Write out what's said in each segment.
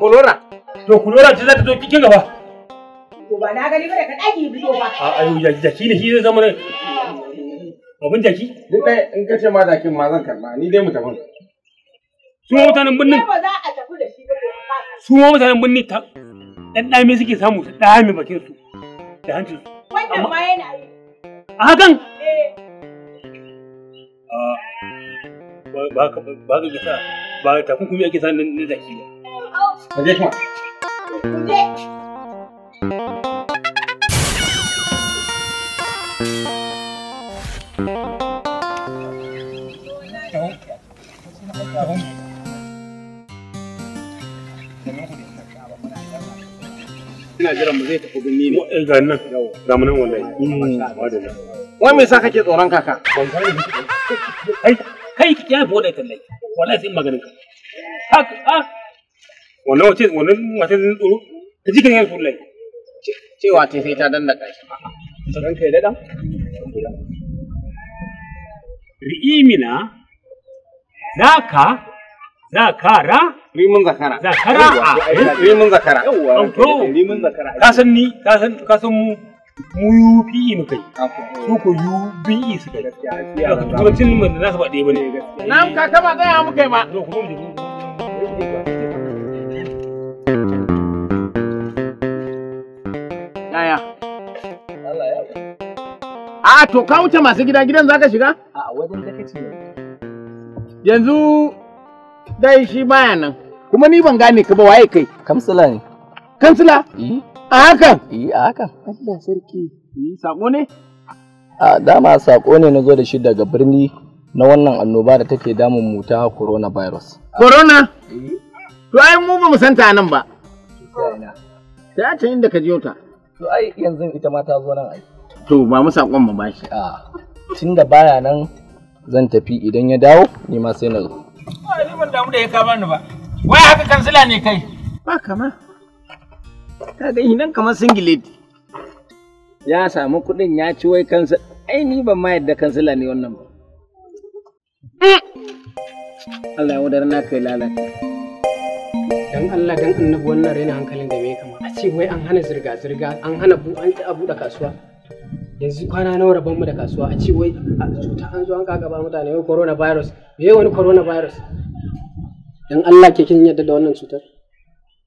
Kolora. To kolora ta za ta zo cikin gaba. To ba na gani ba daga ɗaki so ba. A ayo jaki ne shi zai zama abin jaki. Duk in ka ce ma dakin ma zan karɓa ni dai mu Su ma mutanen birnin. Ba za a tafi da shi ba. Su ta ɗami suke samu su ɗame bakin su da hancin su. Wannan ma yana yi. A hakan? Eh. Ba ka ba ka ba ta kuma ake na jaki ba. 我接上。我接。ina jiran mu zai tafi binni ne eh, ga nan ga mu nan wallahi mm. wai me kake tsoron kaka kai kai ki ya bode wallahi sai maganin ka ha. wannan wace wannan wace zan tsoro ta jikin yin cewa sai ta kai dada ri'imina naka zakara rimin zakara zakara rimin zakara rimin zakara ka san ni ka san ka san mu mu bi e mu kai su ko UBE su kai gaskiya turancin bane na ka kama mu kai ma A to ka wuce masu gida gidan za ka shiga? A wajen da kace yanzu dai shi baya nan kuma ni ban gane ka ba waye kai kansila ne kansila a hakan eh a hakan eh, Allah sarki eh, sako ne a dama sako ne na zo da shi daga birni na wannan annoba da take damun mu ta virus. corona eh. to ai mu ba mu santa nan ba ta ce inda ka jiyo ta to ai yanzu ita ma ta zo nan ai to ba mu sakon mu bashi a tunda baya nan zan tafi idan ya dawo ni ma sai na zo ni ban damu da ya kama ni ba wai haka kansila ne kai ba kama ka ga nan kamar singileti ya samu kuɗin ya ci wai kansa ai ni ban ma yadda kansila ne wannan ba Allah ya wadar na kai lalata dan Allah dan annabi wannan raina hankalin da me kama a ce wai an hana zirga zirga an hana bu an ta abu da kasuwa yanzu kwana nawa rabon mu da kasuwa a ce wai cuta an zo an kaga ba mutane wai Virus. me wani Corona Virus? dan Allah ke kin yadda da wannan cutar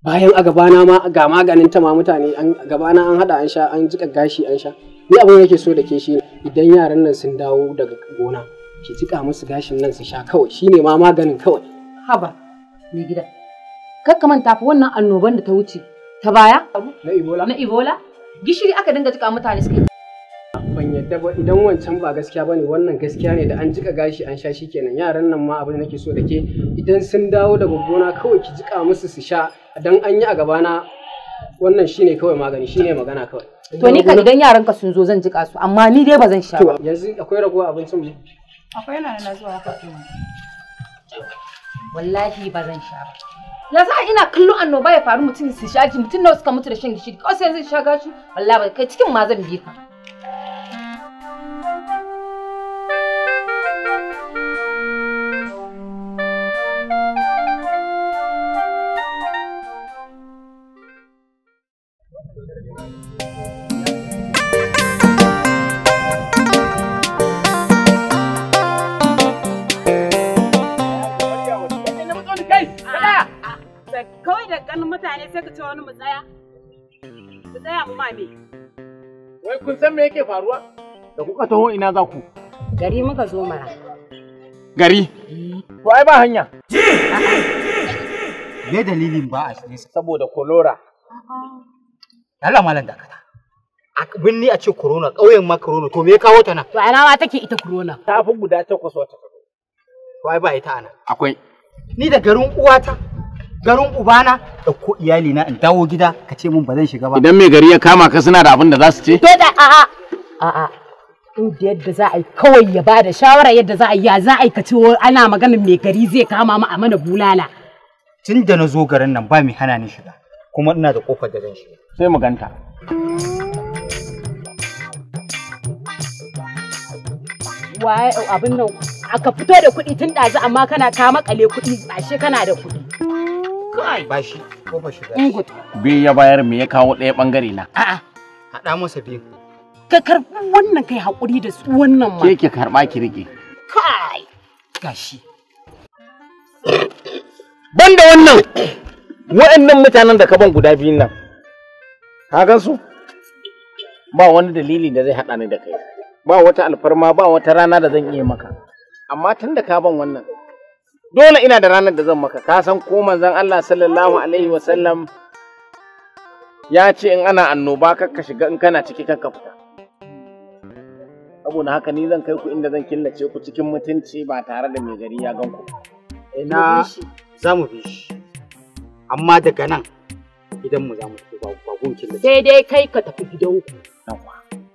bayan a gabana ma ga maganin ta ma mutane an gabana an hada an sha an jika gashi an sha ni abin yake so da ke shi idan yaran nan sun dawo daga gona ki jika musu gashin nan su sha kawai shine ma maganin kawai haba mai gida kakka manta fa wannan annoban da ta wuce ta baya na ibola na ibola gishiri aka dinga jika mutane suke idan wancan ba gaskiya bane wannan gaskiya ne da an jika gashi an sha shikenan yaran nan ma abin da nake so da ke idan sun dawo da gona kawai ki jika musu su sha dan an yi a gabana wannan shine kawai magani shine magana kawai to ni ka idan yaran ka sun zo zan jika su amma ni dai ba zan sha ba yanzu akwai ragowa abincin mu akwai yana na zuwa haka wallahi ba zan sha ba ya sa ina kallon annoba ya faru mutum su shaji mutum nawa suka mutu da shan gishiri kawai sai zai sha gashi wallahi kai cikin ma zan bi ka kun san me yake faruwa? Da kuka taho ina za ku? Gari muka zo mara. Gari? To ai ba hanya. Me dalilin ba a shirye saboda kolora. Allah malam dakata. A binni a ce corona ƙauyen ma corona to me ya kawo ta nan? To ana ma take ita corona. Ta fi guda takwas wata. To ai ba ita ana. Akwai. Ni da garin uwata garin ubana da ko iyali na in dawo gida ka ce mun ba zan shiga ba idan mai gari ya kama ka suna da abin da za su ce to da a'a in da yadda za a yi kawai ya ba da shawara yadda za a yi ya za a yi ka ce ana maganin mai gari zai kama mu a mana bulala tun da na zo garin nan ba mai hana ni shiga kuma ina da kofar da zan shiga sai mu ganta waye abin nan aka fito da kuɗi tun ɗazu amma kana kama kale kuɗi ashe kana da kuɗi kai ba shi ko ba shiga ingut bi ya bayar me ya kawo ɗaya bangare na a'a haɗa masa biyu ka karɓi wannan kai hakuri da su wannan ma ke ki ki rike kai gashi banda wannan wa'annan mutanen da ka ban guda biyun nan ka gan su ba wani dalili da zai haɗa ni da kai ba wata alfarma ba wata rana da zan iya maka amma tun da ka ban wannan dole ina da ranar da zan maka ka san ko manzon Allah sallallahu alaihi wasallam ya ce in ana annoba kakka shiga in kana ciki kakka fita saboda haka ni zan kai ku inda zan killace ku cikin mutunci ba tare da mai gari ya gan ku ina za mu bi shi amma daga nan idan mu za mu tafi ba gun killace sai dai kai ka tafi gidanku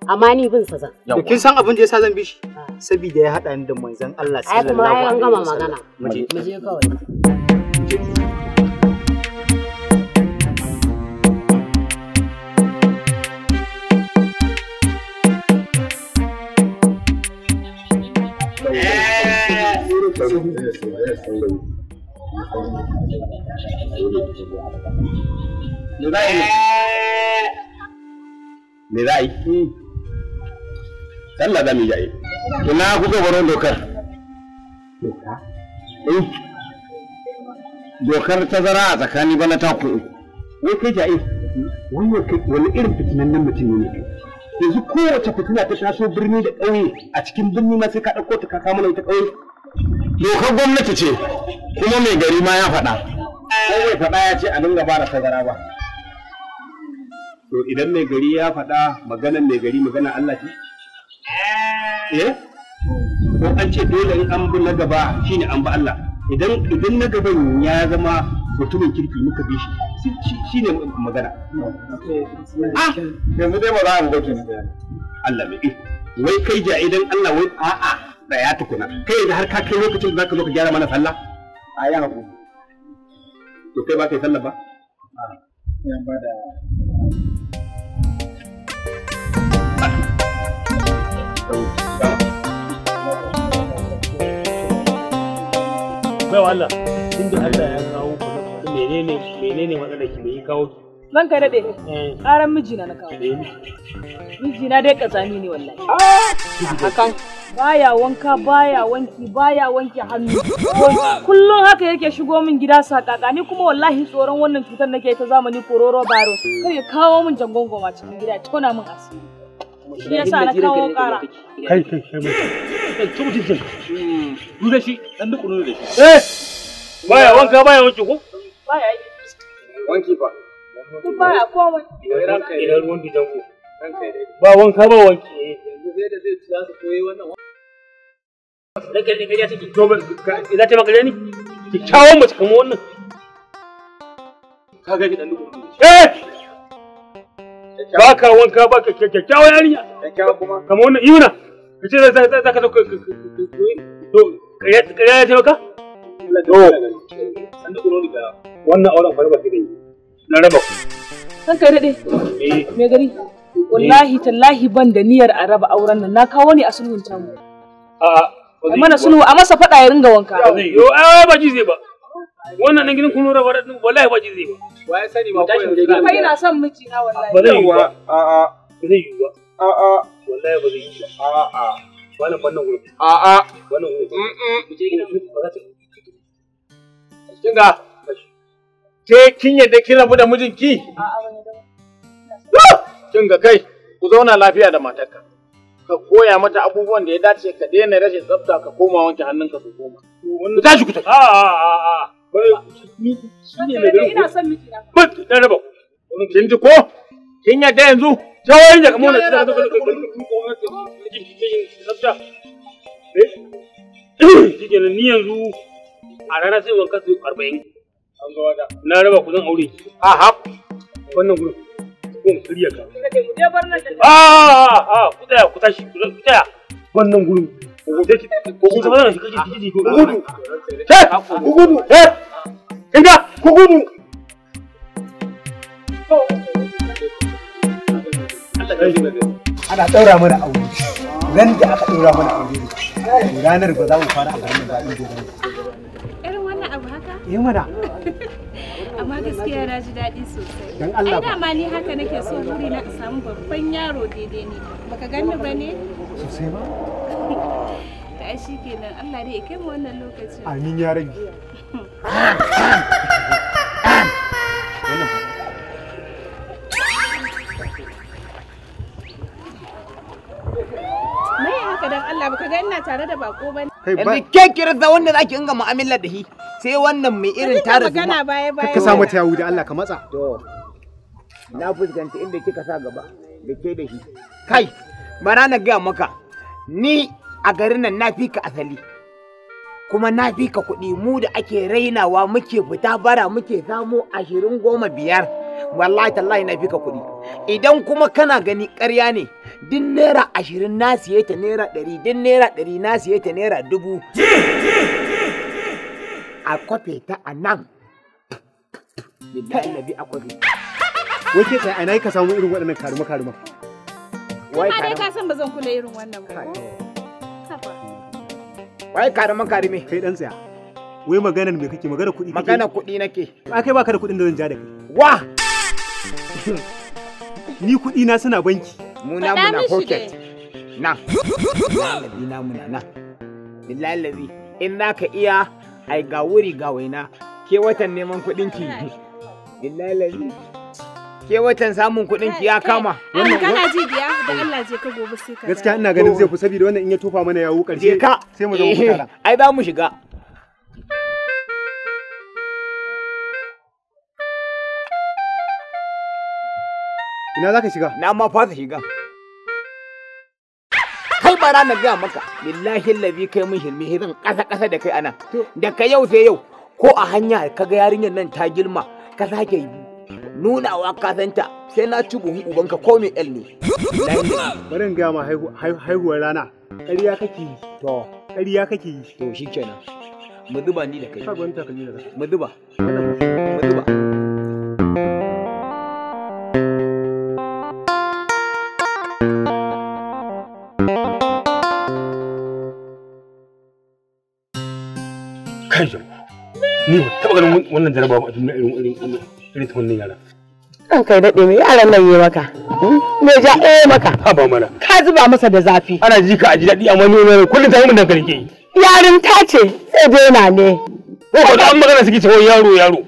amma ni bin sa zan da kin san abin da yasa zan bi shi ah. saboda ya hada ni da manzon Allah sallallahu alaihi wasallam ai kuma an gama magana mu je kawai Me da ahí. sallah za mu yi jaye ina kuka baro dokar doka eh. dokar tazara a tsakani bana ta kuɗi wai kai jaye wani irin fitinan nan mutum ne yanzu kowace fitina ta taso birni da ƙauye a cikin birni ma sai ka ɗauko ta kaka mana ita ƙauye dokar gwamnati ce kuma mai gari ma ya faɗa ko mai faɗa ya ce a dinga ba da tazara ba to idan mai gari ya faɗa maganar mai gari magana Allah ce Eh? ko an ce dole in an bi na gaba shine an bi Allah idan idan na gaban ya zama mutumin kirki muka bi shi ne magana ah yanzu dai ba za a gwatu Allah mai iko wai kai ja idan Allah wai a'a da ya tukuna kai yanzu har ka kai lokacin da zaka zo ka gyara mana sallah a ya hakuri to kai ba kai sallah ba ah, baiwa Allah tun da Allah ya kawo menene menene matsalar ki bai kawo ki nan eh. ka mijina na kawo mijina dai ƙazami ne wallahi ah! hakan baya wanka baya wanki baya wanke hannu kullum haka yake shigo min gida sakaka ni kuma wallahi tsoron wannan cutar nake ta zamani kororo virus kar ya kawo min jangongoma cikin gida tona min asiri shi yasa na kawo kara kai kai kai kan hmm. eh! baya wanka baya wanki ko baya yi wanki fa baya idan ruwan ko ba wanka ba wanki eh, yanzu sai da zai tsaya su koyi wannan Daga ne take. za ta mace wannan. Ka Eh! ba ka wanka ba ka kyakkyawa wannan iuna ce za za ka zo ka to ya ya wannan auren ba na raba me gari wallahi tallahi ban da niyyar a raba auren nan na kawo ne a sulhun ta a a mana sulhu a masa fada ya ringa wanka yo ai ba ji zai ba wannan nan gidan kun raba wallahi ba ji zai ba wa sani ba ko ina son miji na wallahi ba zai yi ba a a ba zai yi ba a a wallahi ba zai yi a a wannan fannin gurbi a a wannan gurbi kin ga ke kin yadda kin rabu da mijinki a a kin ga kai ku zauna lafiya da matarka ka koya mata abubuwan da ya dace ka daina rashin tsafta ka koma wanke hannunka su koma ku tashi ku tafi a a a a kin ji ko kin yadda yanzu jawoyin daga mona da daga Shike nan ni yanzu a rana sai wanka su arba'in. Na raba kudin aure. A haf wannan gurin. Ko mu shirya ka. A a ku tsaya ku tashi ku tsaya. Wannan gurin. Ko ku tafi shi kake kiji ku gudu. Eh ku gudu eh. Kinga ku gudu. ana ɗaura mana aure ran da aka ɗaura mana aure ranar ba za mu fara a garin ba inda ba irin wannan abu haka eh mana amma gaskiya na ji daɗi sosai dan Allah ai dama ni haka nake so buri na samu babban yaro daidai ne baka ganni ba ne sosai ba shi kenan Allah dai ya kai mu wannan lokacin amin ya rage tare da bako bane yanzu ke kirza wanda zaki inga mu'amala da shi sai wannan mai irin tare zuma ka sa mata yawu da Allah ka matsa to na fuskanta inda kika sa gaba da ke da shi kai bara na gaya maka ni a garin nan na fi ka asali kuma na fi ka kuɗi mu da ake rainawa muke fita bara muke samu ashirin goma biyar wallahi tallahi na fi ka kuɗi idan kuma kana gani ƙarya ne duk naira ashirin na siye ta naira ɗari duk naira ɗari na siye ta naira dubu a kwafe ta a nan ta nabi a kwafe wai ke tsaye a nayi ka samu irin waɗannan karuma karuma wai karuma ka san ba zan kula irin wannan ba eh. wai karuma karume kai dan tsaya wai maganar me kake magana kuɗi kake magana kuɗi nake a kai baka da kuɗin da zan ja da kai wa Ni kuɗi na suna banki. Mu na na pocket. Nan. na muna na nan. Lalabi in za ka iya ai ga wuri ga waina ke watan neman kuɗin ki. Lalabi. Ke watan samun kuɗin ki ya kama. Wannan kana ji biya da Allah je ka gobe sai ka. Gaskiya ina ganin zai fi saboda wannan in ya tofa mana yawo ƙarshe. Je ka. Sai mu zama mutara. Eh, ai ba mu shiga. Ina za ka shiga? Na ma fasa shiga. Kai bara na gaya maka, billahi labi kai mun hilmi hirin ƙasa-ƙasa da kai anan. Da ka yau sai yau, ko a hanya ka ga yarinyar nan ta girma, ka sake nunawa ka santa sai na ci buhun ubanka ko mai el ne. Bari in gaya ma haihuwar rana, ƙarya kake yi. To, ƙarya kake yi. To, shi kenan. Mu zuba ni da kai. Ka gwanta ka ni da kai. Mu zuba. Mu zuba. taɓa wannan jaraba ba irin irin irin ta wannan yara. Kan kai daɗe mai yaran nan yi maka. Hmm? Me ja eh maka. Ha ba mana. Ka zuba masa da zafi. Ana ji ka a ji daɗi amma ni ne kullum ta yi min dankali ke yi. Yarin ta ce sai daina ne. Ko an magana suke yaro yaro.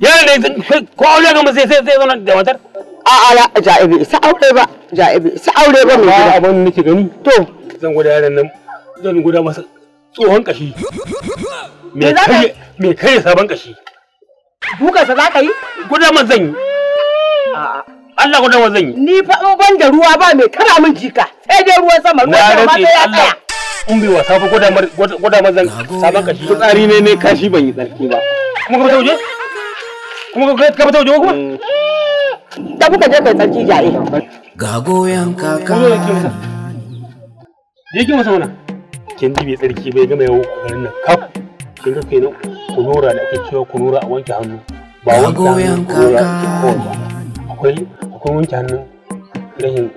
Yaron ne ko aure ga sai sai sai zauna da matar. A'a aure ba. Ja'i bai aure ba mai gida. Abin nake gani. To. Zan gwada yaran nan. Zan gwada masa tsohon kashi. me kai sabon kashi dukansa za ka yi gudamar zan yi Allah gudamar zan yi ni fa in ban da ruwa ba mai kara min jika sai dai ruwan sama ruwan sama sai ya tsaya in bai wasa fa gudamar zan sabon kashi tsari ne ne kashi ban yi tsarki ba kuma ka fita waje kuma ka fita waje kuma da mm. kuka je kai tsarki jaye ga goyon kaka ne yake masa wannan kin ji bai tsarki bai gama yawo garin nan kaf Kin ke ni kunura da ake cewa kunura a wanke hannu ba wanke hannun kunura akwai akwai wanke hannu rahin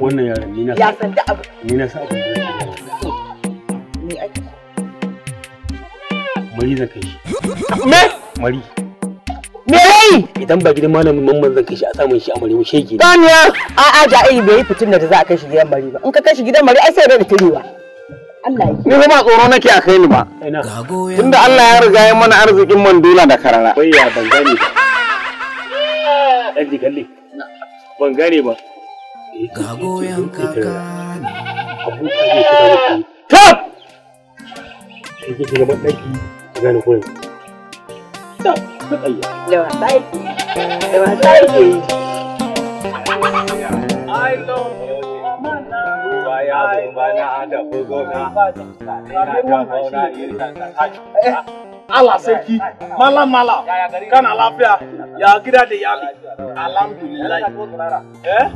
wannan yaran ni na ya san da abu ni na san abu mari zan kai shi me mari me yayi idan ba gidan malamin mamman zan kai shi a samun shi a mari mu shege ne a a ja'i bai fitin da za a kai shi gidan mari ba in ka kai shi gidan mari ai sai da tirewa Ni kuma tsoro nake a kai ni ba. Tunda Allah ya riga ya mana arzikin mandula da karara. Wai ya ban gane ba. Ɗan kalli. Ban gane ba. Ga goyon kaka. Abokan ne ta gane. Tab! Kike ki gaban ɗanki ki gane kuwa. Tab! Ka tsaye. Da wasa yake. Da wasa yake. ya zo bana da bugona ina ta hauna irin ta eh, Allah sarki malam malam kana lafiya ya gida da yali alhamdulillah eh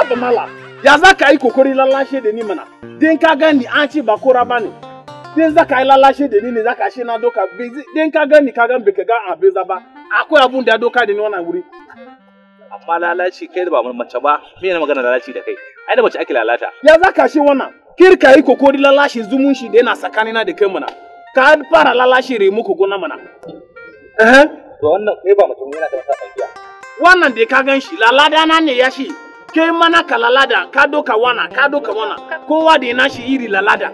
abu malam ya za ka yi kokari lallashe da ni mana din ka gani an ce ba kora ba ne din za ka yi lallashe da ni ne za ka ashe na doka din ka gani ka gan baka gan abeza ba akwai abun da ya doka da ni wannan wuri amma lalaci kai da ba mace ba me ne magana lalaci da kai ai da bace ake lalata ya zaka shi wannan kir ka yi kokori lalashe shi da yana na da kai mana ka fara lalashe re muku gona mana eh to wannan kai ba mutum yana da wata tsakiya wannan da ka gan shi lalada na ne ya shi kai mana ka lalada ka doka wana ka doka wana kowa da yana shi iri lalada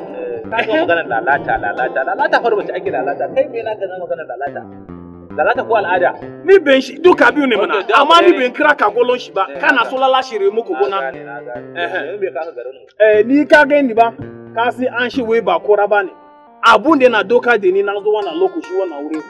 eh, ka magana lalata lalata lalata far bace ake lalata kai me na ganin magana lalata da za ta ko al'ada ni ben shi duka biyu ne mana amma ni ben kira ka golon shi ba eh, kana so lalashe re muku gona eh ni ka ga ni ba ka si an shi wai ba kora ba ne abun da na doka da ni na zo wannan lokaci wannan wuri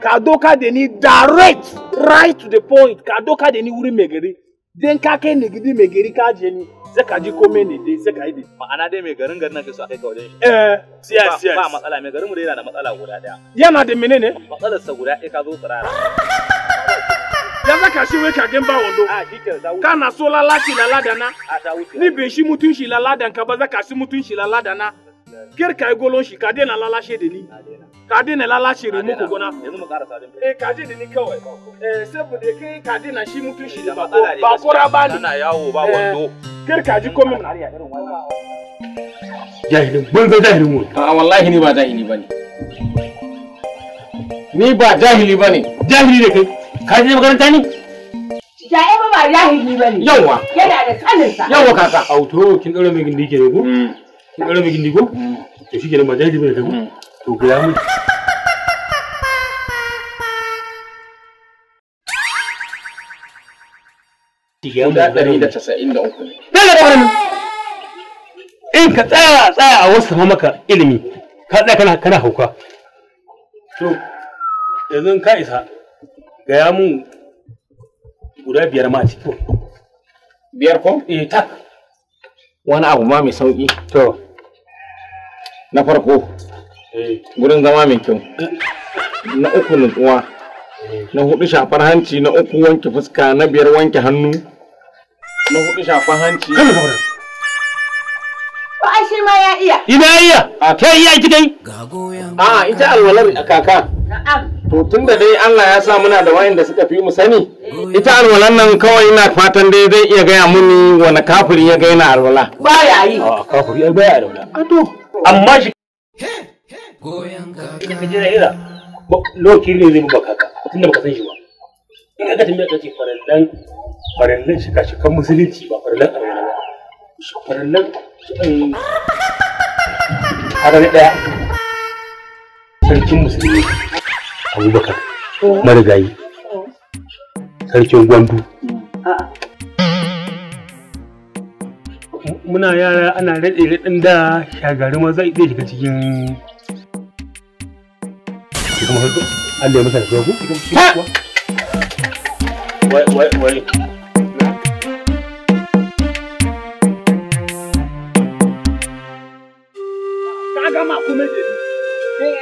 ka doka da ni direct right to the point ka doka da ni wuri mai gari den ka kai ne gidi ka je ni sai ka ji komai ne dai sai ka yi dai ma'ana dai mai garin garin nake so a kai ka wajen shi eh yes yes ba matsala mai garin mu dai yana da matsala guda daya yana da menene matsalar sa guda ɗaya ka zo tsara ya saka shi wai kagen ba wando kana so lalaci laladana ni bin shi mutunci shi laladan ka ba zaka shi mutunci shi laladana Kiyar ka yi golon shi, ka daina lalashe da ni. Ka daina lalashe da muku gona. Yanzu mu karasa din. Eh, ka daina ni kawai. Eh, saboda kai ka daina shi mutun shi da ba ba kora ba ni. Ana yawo ba eh, ji komai. Jahilin, mun zai jahilin mu. A'a ah, wallahi ni ba jahili bane. Ni ba jahili bane. Jahili ne kai. Ka je makaranta ni? Jaye ba ba jahili bane. Yawwa. Yana da kaninsa. Yawwa kaka. to kin dora mai gindi ke ne ko? Mm. kin ƙara mai gindi ko to shi kenan ba jaji bane kai to ga ya mutu Guda ɗari da casa'in da uku. in ka tsaya tsaya a wasu maka ilimi ka tsaya kana kana hauka. To yanzu ka isa gaya mu guda biyar ma a ciki. Biyar ko? Eh tak. Wani abu ma mai sauƙi. na farko eh. gurin zama mai kyau na uku nutsuwa eh. na hudu shafar hanci na uku wanke fuska na biyar wanke hannu na hudu shafar hanci ba shi ma ya iya ina iya ke ah. iya ki dai a ah, ita alwalar kaka to tun da dai Allah ya sa muna da da suka fi mu sani ita alwalan nan kawai ina fatan dai zai iya gaya muni wani kafiri ya ga alwala ba ya yi a ah, kafiri ya ba ya alwala a to amma shi goyon kaka kaje da lokaci ne zai kaka tunda baka san shi ba in ka tambaya ce farallan farallan musulunci ba farallan arena ba farallan um, harare daya sarkin musulunci abubakar oh. marigayi oh. sarkin gwandu ah. muna yara ana raɗe raɗin da shagari ma zai shiga cikin kuma harko Allah ya masa da ku wai wai wai ka gama kuma da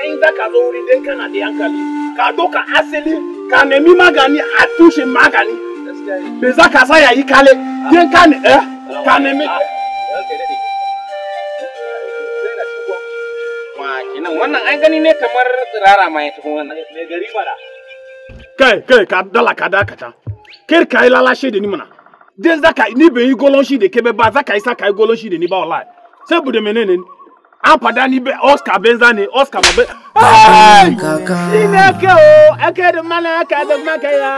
in ka zo wuri kana da hankali ka doka asali ka nemi magani a tushen magani bai za ka sa yayi kale dan ka ne eh? ka nemi ranka ya daɗe ma kenan wannan an gani ne kamar tsirara ma ya tafi wannan mai gari kai kai ka dala ka dakata kar ka yi lalashe da ni mana den zaka ni bai yi golon shi da ke ba zaka yi saka yi golon shi da ni ba wallahi saboda menene an fada ni be oscar benza ne oscar ma be ai ina ka o aka da mana ka da maka ya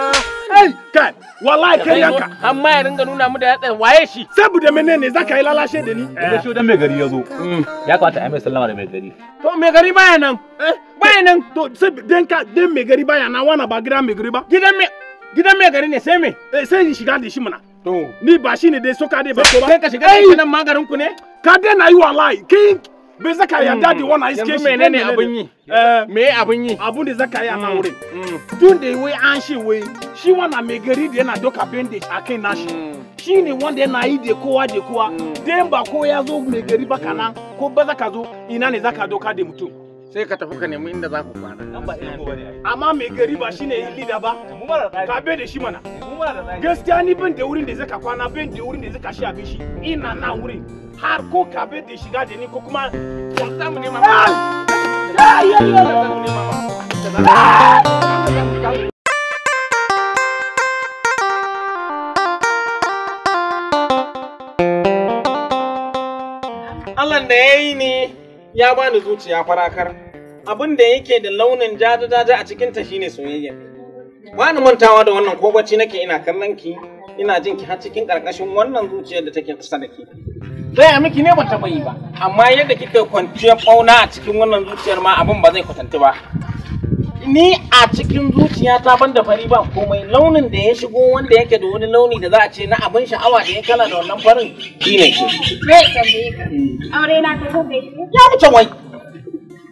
Ai, kai, wallahi kai yanka. Amma ya ringa nuna mu da yatsa waye shi. Saboda menene zaka yi lalashe da ni? Da shi dan mai gari ya zo. Mm. Ya kamata a mai sallama da mai gari. To mai gari baya nan. Eh? Baya nan. To sai dan ka dan mai gari baya nan wana ba gidan mai gari ba. Gidan mai gidan mai gari ne sai me? Eh sai in shiga da shi muna. To ni ba shi ne dai soka dai ba ko ba. Sai ka shiga da nan magarin ku ne? Ka dai na yi wallahi. Kin bai zaka ya mm. dadi wannan iske shi menene abin yi eh, me abin yi abun da zaka yi a nan mm. wurin mm. tun da wai an shi wai shi wannan mai gari da yana doka bandage a kai nashi shi ne wanda yana yi da kowa da kowa den ba ko ya zo mai gari ba kana ko ba zaka zo ina ne zaka doka da mutum sai ka tafi ka nemi inda za ku kwana amma mai gari ba shine lida ba ka bai da shi mana gaskiya ni ban da wurin da zaka kwana ban da wurin da zaka shi abin shi ina na wurin har ko kafin ta shiga da ni ko kuma yanzu zamu nema ma Allah da ya yi ne ya bani zuciya farakar abin da yake da launin jaja-jaja a cikinta shine soyayya ba ni mantawa da wannan ko bacci nake ina kallon ki ina jin ki har cikin ƙarƙashin wannan zuciyar da take kusa da ke Gaya miki ne ban taɓa yi ba, amma yadda kika kwanciyar ɓauna a cikin wannan zuciyar ma abin ba zai kwatanta ba. Ni a cikin zuciyata ban da fari ba komai launin da ya shigo wanda yake da wani launi da za a ce na abin sha'awa da ya kala da wannan farin shi ne shi. Me ya Aure na ta zo bai? Ya wuce wai.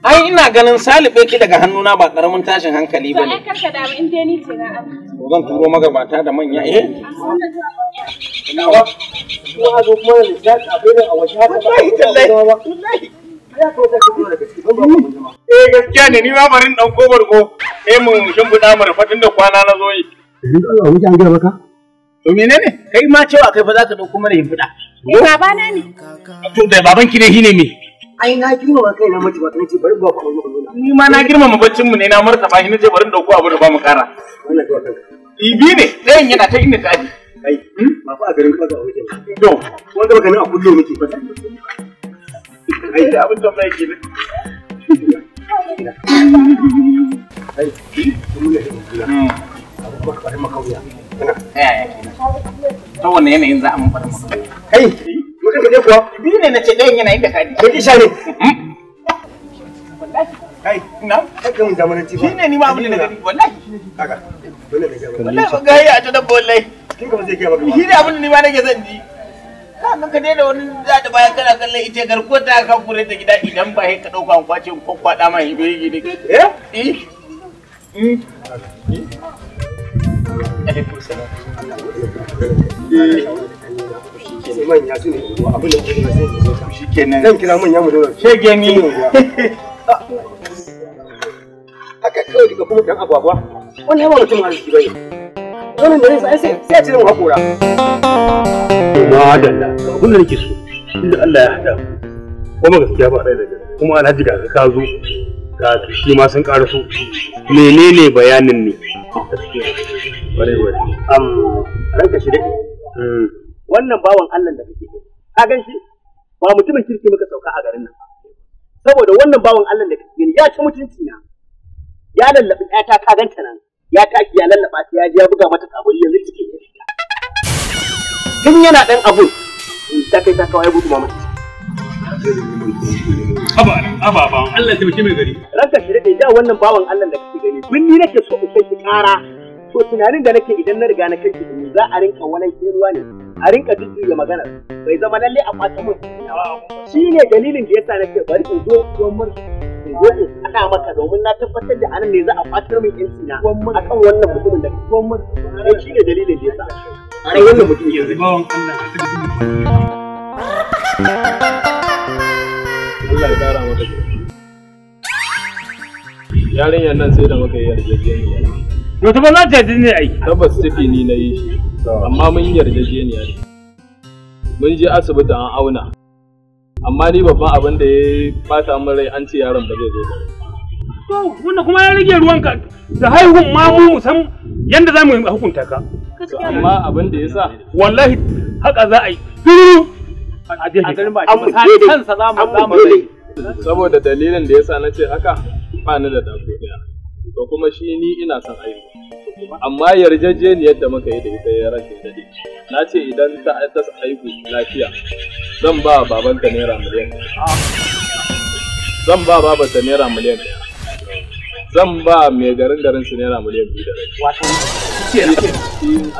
ai ina ganin salibe ki daga hannuna ba karamin tashin hankali ba ne. Sai da in dai ni ce na Zan turo magabata da manya eh. Ina wa. Ko zo kuma ne da abin a waje haka ba. Wallahi Eh gaskiya ne ni ma barin dan kobar ko eh mun buɗa mu rufatin da kwana na zo yi. Idan Allah wuce an gaya maka. To menene? Kai ma cewa kai fa za ka dauko mana yin fida. Eh babana ne. To dai babanki ne hine me? ai na girmama kai na bari ba ku mu ni ma na girmama baccin mu ne na martaba shi nace bari dauko abu da ba mu kara ibi ne yana ta inda hmm? fa garin ka ga to wanda baka a kullu muke fa ai da abin da mai gina ai ne ba ka makauya to wannan yanayin za a mun fara makauya kai kuɗi kuɗi kuwa biyu ne na ce ɗayan yana yin da kadi kuɗi sha ne kai na kai mun zamanin ci shi ne ni ma gani wallahi dole ne ga wallahi ga ya ta dabba wallahi kin zai ba shi ne abin da ni ma nake son ji sannan ka daina wani za ta baya kana kallon ita garkuwar ta kan kure ta gida idan ba ka ɗauka an kwace ko kwaɗa ma hibe yi ne eh eh hmm? shikenan su ne ne kira manya mu dole shege ni haka kawai daga kuma dan agwagwa wani yawa mutum arziki bai wannan da nisa sai sai a cire mu hakora madalla abin da nake so inda Allah ya hada kuma gaskiya ba ɗaya daga kuma alhaji ga ka zo ga shi ma sun ƙara so menene bayanin ne gaskiya ƙwarai ƙwarai am ranka shi dai hmm. wannan bawan Allah da kake gani ka gan shi ba mutumin kirki muka sauka a garin nan saboda wannan bawan Allah da kake gani ya ci mutunci na ya lallabi ƴata ka ganta nan ya tashi ya lallaba ta ya ji ya buga mata kaburi yanzu kike ya tun yana dan abun ta kai ta kawai gudu mama Aba, aba, aba, Allah taimake mai gari. Ranka shi da ja wannan bawan Allah da kake gani. Bin ni nake so in kai ki kara to tunanin da nake idan na riga na kai shi za a rinka wani ruwa ne a rinka jujjuya magana bai zama lalle a kwata mun shi ne dalilin da yasa nake bari in zo don mun in zo in faɗa maka domin na tabbatar da anan ne za a kwata min yanci na akan wannan mutumin da kuma mun shi ne dalilin da yasa akan wannan mutumin yanzu bawan Allah ya kara mata yarinyar nan sai da maka yi yarjejeniya to ta za ta ne ai tabbas tafi ni na yi shi amma mun yarjejeniya ne mun je asibiti an auna amma ni babban abin da ya bata min rai an ce yaron ba zai zo ba to wanda kuma ya rage ruwanka da haihun ma mu san yanda za mu yi hukunta ka amma abin da ya sa wallahi haka za a yi turu a garin ba a misali kansa za mu mu saboda dalilin da ya sa na ce haka ba ni da dako daya to kuma shi ni ina son aiki amma yarjejeniyar da muka yi da ita ya rashin daɗi na ce idan ta ta aiku lafiya zan ba babanta naira miliyan zan ba babanta naira miliyan zan ba mai garin garin su naira miliyan biyu da rai wato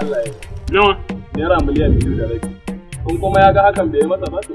Allah ya nawa naira miliyan biyu da rai kun kuma ya ga hakan bai masa ba to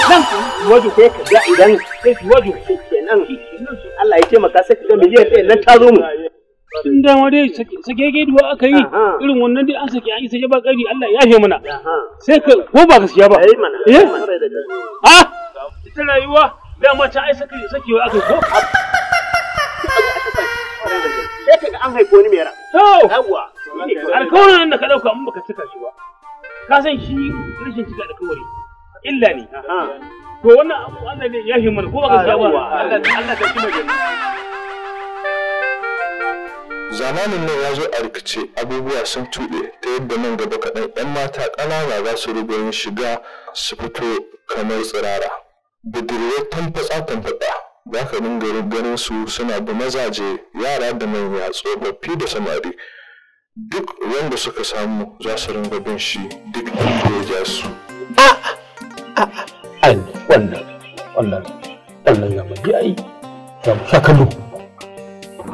nan wajen ko ka ga idan sai wajen kenan Allah ya taimaka sai ka miliyan ɗaya nan ta zo mu in da dai sake gaiduwa aka yi irin wannan dai an sake an isa ya ba ƙari Allah ya mana sai ka ko ba gaskiya ba eh ha ah! ita rayuwa da ma ta ai sake sakewa aka ko sai ka ga an haifo ni mera to yawa alƙawarin da ka dauka mun baka cika shi ba ka san shi rashin cika alƙawari illa ne to wannan abu Allah ne ya himmar ko ga jawa ah, Allah Allah ta kima zamanin nan ya zo a rikice abubuwa sun tuɗe ta yadda nan gaba kaɗan 'yan mata ƙanana za su yin shiga su fito kamar tsirara budurwar tamfatsa tamfatsa za ka dinga ganin su suna da mazaje yara da manya tsofaffi da samari duk wanda suka samu za su ringa bin shi duk inda ya ja su ai wannan wannan wannan ya maji ai ya sha kallo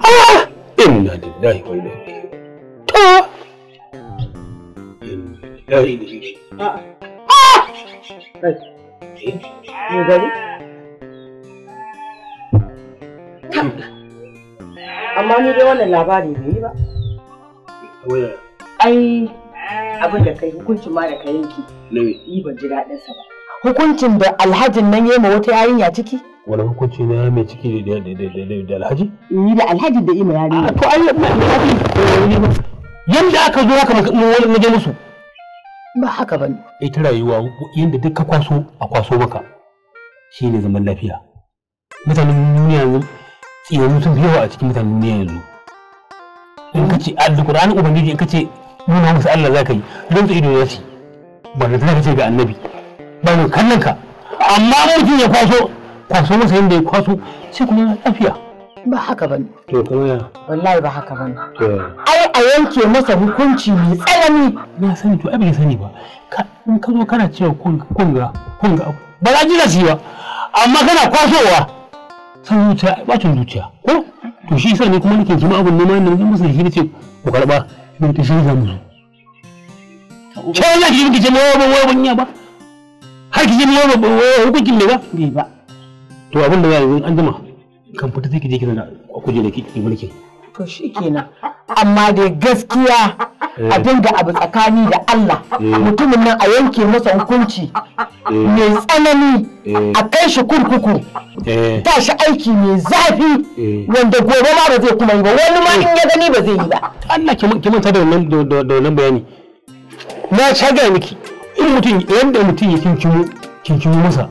ah inna lillahi wa inna ilaihi ta inna lillahi ah ah ne gari amma ni dai wannan labari bai yi ba ai abin da kai hukuncin ma da ka yanki yi ban ji daɗinsa ba hukuncin da alhajin nan yema wata yarinya ciki wani hukunci na mai ciki da alhaji ni eh, da alhaji da ima yarinya ah, to ai yanda aka zo haka mu je musu ba haka bane ita eh, rayuwa yanda duk ka kwaso a kwaso maka ne zaman lafiya mutanen duniya yanzu tsiyanu sun fi yawa a cikin mutanen duniya yanzu in ka ce ah, alƙur'ani ubangiji in ka ce nuna musu Allah za ka yi don su ido ya ce ba da tana ce ga annabi ba kallon ka amma mutum ya kwaso kwaso masa yadda ya kwaso sai kuma lafiya ba haka ba ne to kuma ya wallahi ba haka ba ne ai a yanke masa hukunci mai tsanani na sani to abin sani ba in ka zo kana cewa kunga kunga abu ba za ji da shi ba amma kana kwasowa san zuciya bacin zuciya ko to shi sa ne kuma nake jima abun neman nan zan musu da shi ce ku karba mun ta shi ga musu ce wannan shi kike ne wai wai ban ya ba har ki je yau hukuncin bai ba bai ba to abin da za yi an jima kan fita sai ki je ki da a kujera ki mulkin to kenan amma dai gaskiya eh. a dinga abu tsakani da Allah eh. mutumin nan a yanke masa hukunci eh. mai tsanani a kai shi kurkuku ta shi aiki mai zafi wanda gobe ma ba zai kuma yi ba wani ma in ya gani ba zai yi ba Allah ki manta da wannan bayani na shaga miki in mutum yadda mutum ya kinkimo kinkimo masa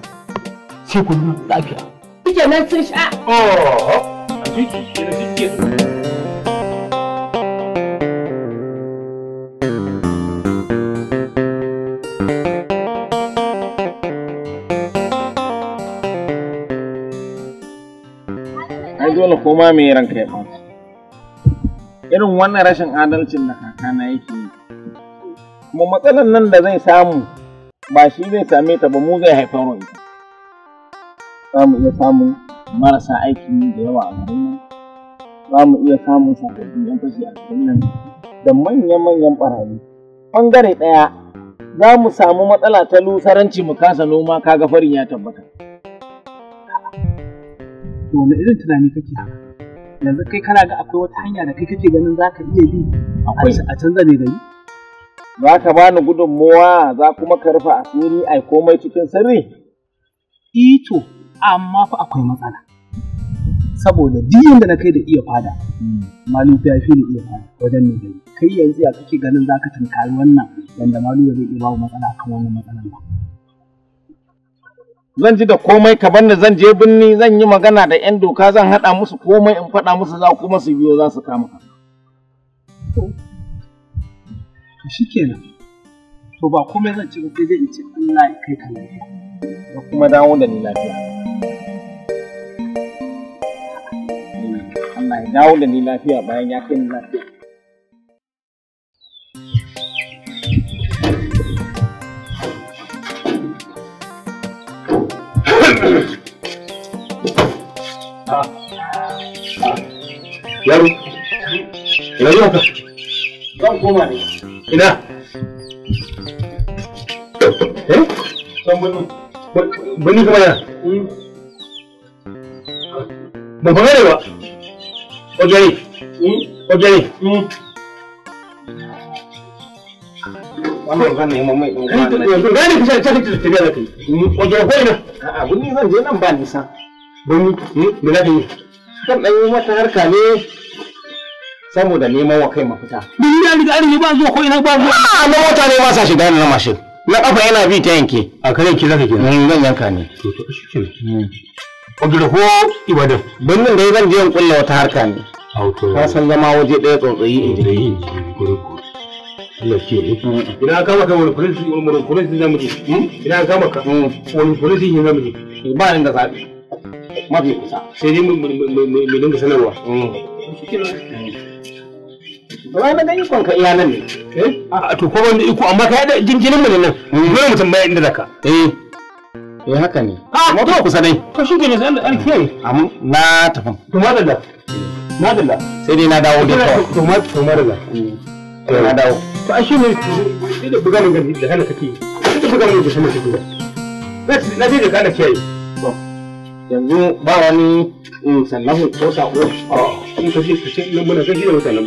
sai ku nuna lafiya kike nan sun sha oh a jiki ke da dole mai ranka ya ɓaci irin wannan rashin adalcin da kakana yake yi kuma matsalan nan da zai samu ba shi zai same ta ba mu zai haifar wa ita za mu iya samun marasa aiki da yawa a garin nan za mu iya samun sababbin yan fashi a cikin nan da manya-manyan barayi ɓangare ɗaya za mu samu matsala ta lusaranci mu kasa noma kaga farin ya tabbata to wani irin tunani kake haka yanzu kai kana ga akwai wata hanya da kai kake ganin za ka iya bi akwai a canza da gari za ka bani gudunmuwa za kuma ka rufe asiri ai komai cikin sirri? Ito, amma fa akwai matsala. Saboda diyin da na kai da iya fada, malu ya fi iya fada wajen mai gari. Kai yanzu ya kake ganin za ka tunkari wannan yadda malu zai iya bawa matsala kan wannan matsalan ba. Zan ji da komai ka banni zan je binni zan yi magana da 'yan doka zan haɗa musu komai in faɗa musu za kuma su biyo za su kama to nan, to ba komai zan ci ba sai dai in ce Allah ya kai ka lafiya da kuma dawo da ni lafiya Allah ya dawo da ni lafiya bayan ya kai ni lafiya ah. Ah. Ah. Yaro, ina yi haka? zan koma ne ina eh zan bunu bunu kuma na ba ba hmm. hmm. ne ba ojo ne ojo ne wannan zan nemo mai in gane yanzu gane kusa ta kike tafiya da kai ojo hmm. ko ina a'a ne saboda neman wa kai mafita. Duk ya riga arziki ba zuwa ko ina ba zuwa. A ah, na mota ne ba sa shiga na mashin. Na kafa yana bi ta yanke. A kare ki zaka kenan. Mun mm, zan yanka ne. To to shi kenan. Ogire ko ibadan. nan dai zan je in kulla wata harka ne. Auto. Ka san zama waje ɗaya tsotsayi in ji. Allah ke mm. Ina kama maka wani polisi wani polisi zamu je. Ina kama ka wani polisi ne mm. zamu je. Ba ni da zaɓi. Mafi kusa. Sai dai mu dinga sanarwa. Shi kenan. Ba na ga ikon iya nan ne. Eh? A to ko wanda iko amma ka da jinjinin mu ne nan. Dole mu tambaya inda zaka. Eh. Eh haka ne. Ah, mu ku kusa dai. To shi ke ne sai an kiyaye. Amma na tafi. To madalla. Madalla. Sai dai na dawo da kawai. To ma to madalla. Eh na dawo. To a shi ne sai da buga mun gani da hana kake. Sai da buga mun da hana kake. Na je da kana kiyaye. yanzu ba wani sannan ko sako in ka ce ka ce muna kashi da mutanen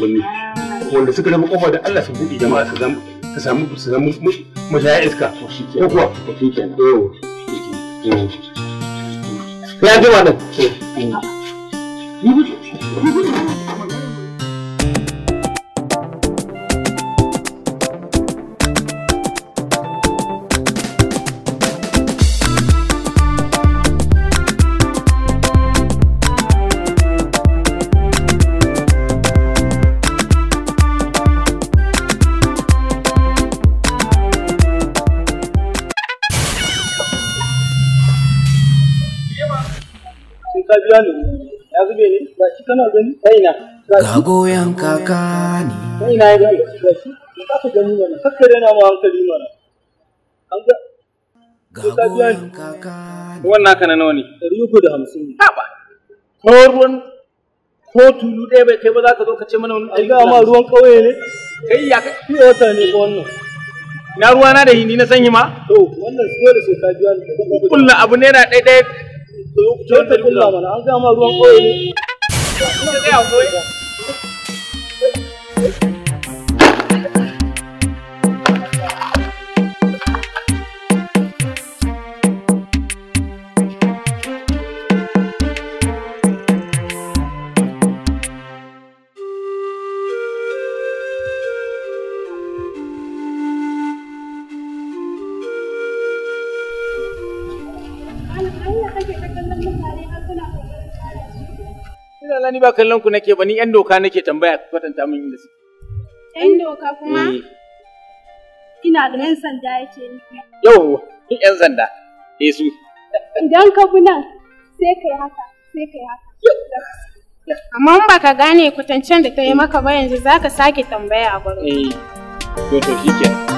wanda suka zama kofa da Allah su buɗe jama'a su zama su samu su samu iska ko kuwa shi ya ji wannan lalu ya zube ne ba shi kana gani ga kaka ne ga shi ba ka gani mana mu hankali mana an ga ga goyon kaka wannan nawa ne ne ko ruwan ko tulu ɗaya bai kai ba za ka zo ka ce mana wani ɗari ma ruwan ƙauye ne kai ya wata ne ko wannan na ruwana da hini na sanyi ma to wannan sai ka abu ne na Sai ta kulla ruwan koyi. ba kallon ku nake ba ni yan doka nake tambaya ku kwatanta min inda suke yan doka kuma eh. ina da yan sanda yake ni. yau yan sanda eh su idan ka bi nan sai kai haka sai kai haka amma in baka gane kwatancen da ta yi maka ba yanzu zaka sake tambaya a gurin eh to to kenan.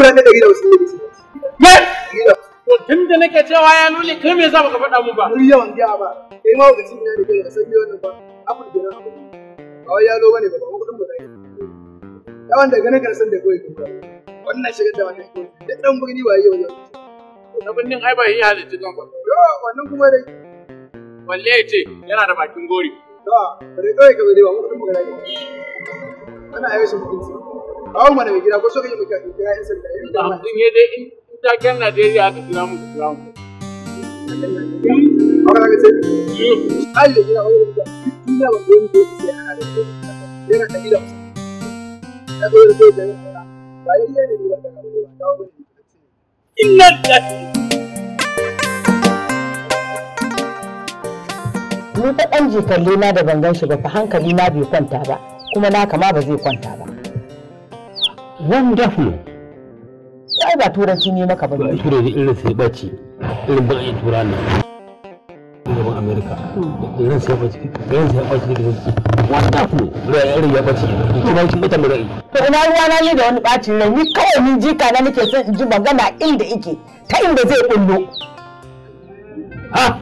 guda ɗaya ne yes tun da nake cewa ya nuni kai me yasa baka faɗa mu ba muri yawan giya ba kai ma wakacin ya da kai san ba da abu ba wai yalo bane ba ba kudin da yi yawan da kai kuma wannan da wannan da dan yau yau na ai ba yi halitta don ba yo wannan kuma dai walle da bakin da Bawo mana gida ko so mu kira sanda. Da in mu mu. ka Ai da gida aure da ina ba da ko Ba yi ne ni ba ba ni ta ɗan jikalle na da ban shiga ta fa hankali na bai kwanta ba kuma na kama ba zai kwanta ba wonderful ai ba turanci ne maka ba ne turanci irin sai bace irin ba ai turan nan gaban america irin sai bace irin sai bace ne gidan wonderful irin ya bace kuma shi mutane da to ina ruwa na yi da wani bacin nan ni kawai ji jika na nake son in ji magana inda yake ta inda zai kullo ha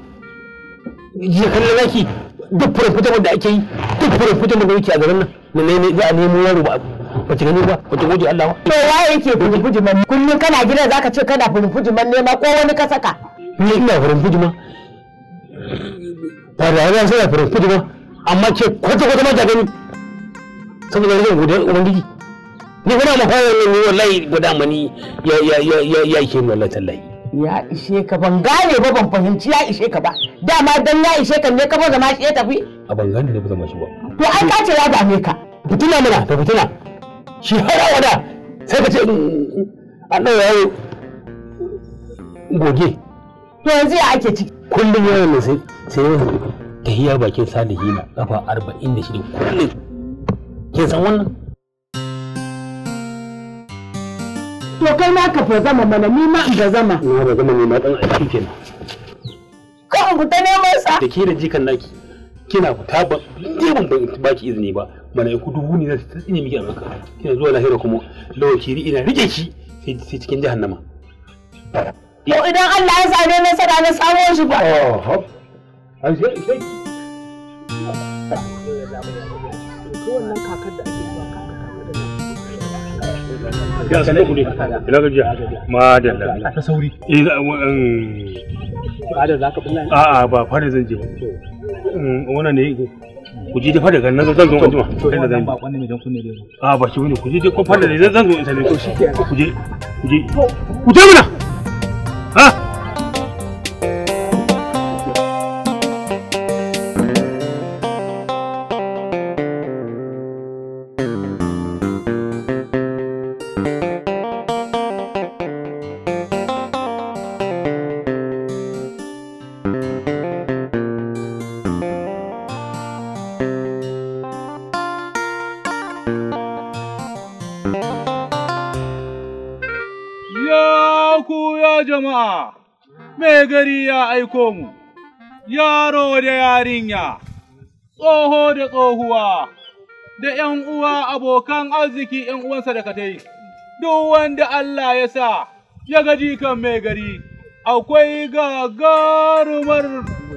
ya kallon zaki duk fura fitar da ake yi duk fura fitar da yake a garin nan ne ne za a nemo yaro ba ba ki gani ba ba ki gode Allah to waye yake furfuji man kullun kana gidan zaka ce kana furfuji man nema ko wani ka saka ni ina furfuji ma ba da ran sai furfuji man amma ke kwata kwata ma ta gani saboda ran gode ubangiji ni kuma ma fara ne ni wallahi guda mani ya ya ya ya ke ni wallahi tallahi ya ishe ka ban gane ba ban fahimci ya ishe ka ba dama dan ya ishe ka ne ka ba zama shi ya tafi a ban gane ne ba zama shi ba to ai ka ce ya dame ka fitina mana ta fitina shi hada wada sai ka ce mm, mm, mm, an ɗaura yayi goge to yanzu ya ake ciki kullum yana ne sai sai yawan tahiyar bakin salihi na kafa arba'in da shida kullum kin san wannan to kai ma ka zama mana ni ma in zama na zama ne ma dan aiki kenan kan ku ta neman sa da ke da jikan naki kina fita ba ban ban ki izini ba mana ku dubu ne zai ne miki albarka kina zuwa lahira kuma ri ina rike ki sai cikin jahannama yau idan Allah ya same na sada na samu shi ba oh, ai sai sai wannan kakar da ake ya sanar ku ne ina gajiya madalla ta sauri eh madalla um. ka bulla a'a ba fare zan je ba Mm, wannan ne ku ji daga nan zan zo da zan ba ne da a ah, ba shi ku ji zan zo ku ku ku mana mai gari ya aiko mu, yaro da yarinya, tsoho da tsohuwa, da ’yan uwa abokan arziki ’yan uwansa da katai, duk wanda Allah ya sa ya gaji kan mai gari, akwai gagarumar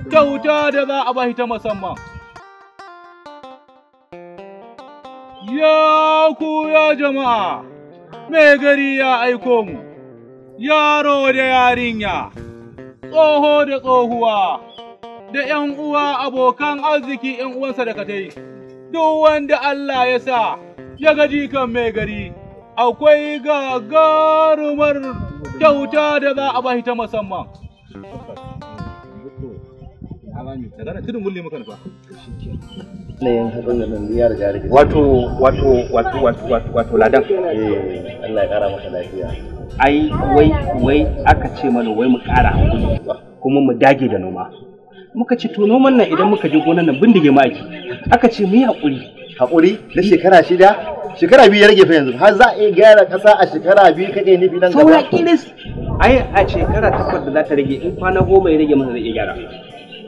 kyauta da za a bahita ta musamman. Ya ku ya jama'a, mai gari ya aiko mu. yaro da yarinya, tsoho da tsohuwa, da ’yan uwa abokan arziki ’yan uwansa da katai, duk wanda Allah ya sa ya gaji kan mai gari, akwai gagarumar kyauta da za a bashi ta musamman. wato wato wato wato wato ladan Allah ya kara lafiya ai wai wai aka ce mana wai mu ƙara hakuri kuma mu dage da noma muka ce to noman nan idan muka je gonan nan bindige ma ake aka ce mu yi hakuri hakuri na shekara shida shekara biyu ya rage fa yanzu har za a iya gyara ƙasa a shekara biyu kake nufi nan gaba saura kiris ai a shekara takwas da za ta rage in kwana goma ya rage masa zai iya gyara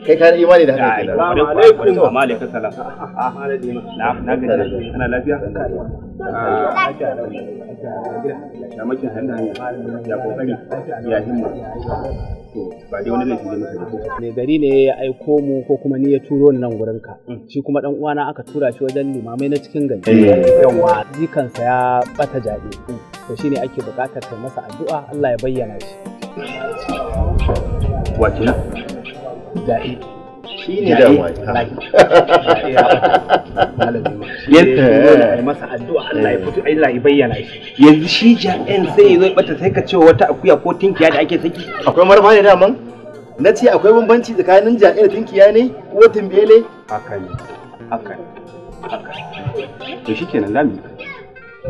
kai ka imani da haka ke assalamu alaikum wa alaikum sala. na na gani. kana lafiya ah, ya makin ne, ya kokari ya himma ba dai wani laifi ne masa da ne gari ne ya aiko mu ko kuma ni ya turo ni nan gurin ka mm. shi kuma dan uwana aka tura shi wajen limamai na cikin gari eh. yawa jikansa ya bata jabi, to shine ake bukatar ta masa addu'a Allah ya bayyana shi wa ga yanzu shi ja'en sai ya zo bata sai ka ce wata akuya ko tinkiya da ake saki akwai marfa ne daman na ce akwai bambanci tsakanin ja'en da tinkiya ne ko timbele haka ne haka ne to shikenan lami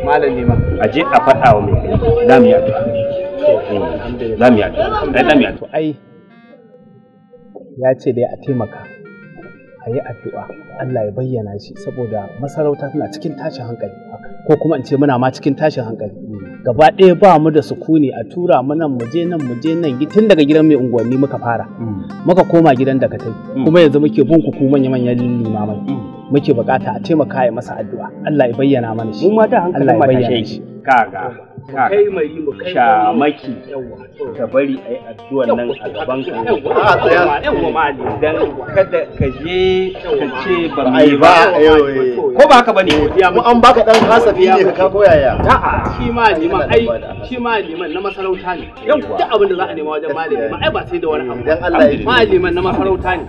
malami ma a je a faɗa wa mai lami ya eh, eh, to ai ya ce dai a taimaka a yi addu'a Allah ya bayyana shi saboda masarauta tana cikin tashin hankali ko kuma in ce muna ma cikin tashin hankali gaba ɗaya ba mu da sukuni a tura mu nan mu nan mu nan tun daga gidan mai unguwanni muka fara muka koma gidan da katai kuma yanzu muke bin ku manya manyan limamai muke bukata a taimaka ya masa addu'a Allah ya bayyana mana shi mu mata ta shi kaga kai mai mu kai shamaki ka bari ai addu'ar nan a gaban ka a tsaya dan kada ka je ka ce ba ai ba eh. ko ba ka bane mu an baka dan kasafi ne ka koyaya a'a shi ma ai shi ma liman na masarauta ne yan duk abin da za a nema wajen mali ma ai ba sai da wani abu dan Allah ya na masarauta ne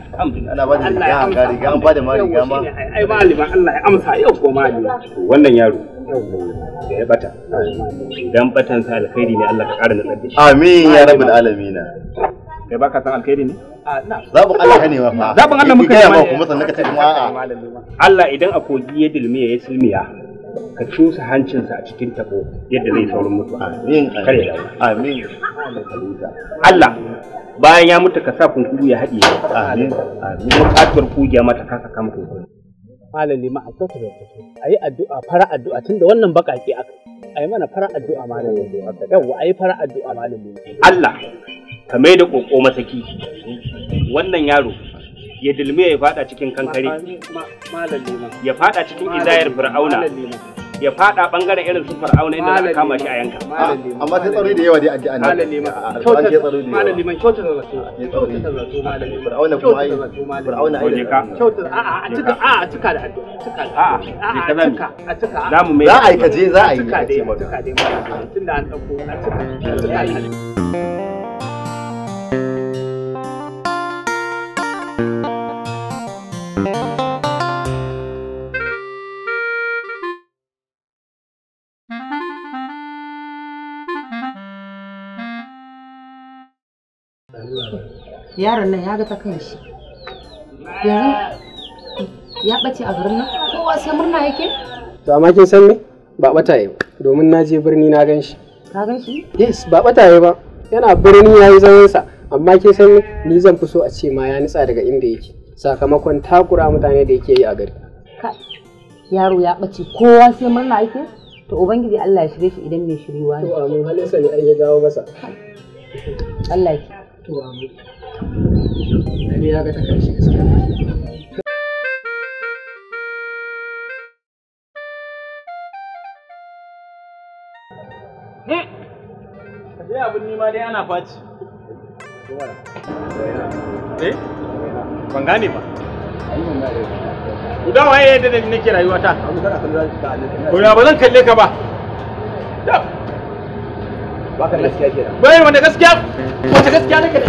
Allah ba da riga an ba da ma ai Allah ya amsa yau ko wannan yaro da ya bata idan batan sa alkhairi ne Allah ka ƙara nutsar da shi amin ya rabbal alamina kai baka san alkhairi ne zabin Allah ne ma fa zabin Allah muka yi ma kuma sannan ka ce kuma a'a Allah idan a kogi ya dilmiya ya silmiya ka cusa hancinsa a cikin tabo yadda zai saurin mutu amin amin Allah bayan ya mutu ka sa kunkuru ya haɗiye amin amin mutuwar kugiya mata kasa kama kunkuru malam lima a kyautar da ta a yi addu'a fara addu'a tun da wannan baƙaƙe aka a yi mana fara addu'a malam liman yawwa a yi fara addu'a malam liman Allah ka mai da ƙoƙo masaki wannan yaro ya dilmi ya fada cikin kankare ya fada cikin izayar fir'auna ya fada bangaren irin su fir'auna inda aka kama shi a yanka amma sai tsaro da yawa dai addu'a ne malami ma malami kyauta da zato kyauta da zato malami A, kuma ai A, ai kyauta a a cika a a cika da addu'a cika a a cika a cika za mu mai za a yi cika. A, a cika. A, tunda an dauko a cika yaron nan ya ga ta kanshi yanzu ya ɓace a garin nan kowa sai murna yake to amma kin san me ba ɓata yi domin na je birni na gan shi ka gan shi yes ba ɓata yi ba yana birni ya yi sa, amma kin san me ni zan fi so a ce ma ya nitsa daga inda yake sakamakon takura mutane da yake yi a gari yaro ya ɓace kowa sai murna yake to ubangiji Allah ya shirye shi idan mai shiriwa ne to halin sa ne ai ya gawo masa Allah ya to amma Ali gaskiya. dai ana faci. Eh? Ban gane ba. waye da nake rayuwa ta? ba zan kalle ka ba. gaskiya kenan. wanda gaskiya? gaskiya nake da?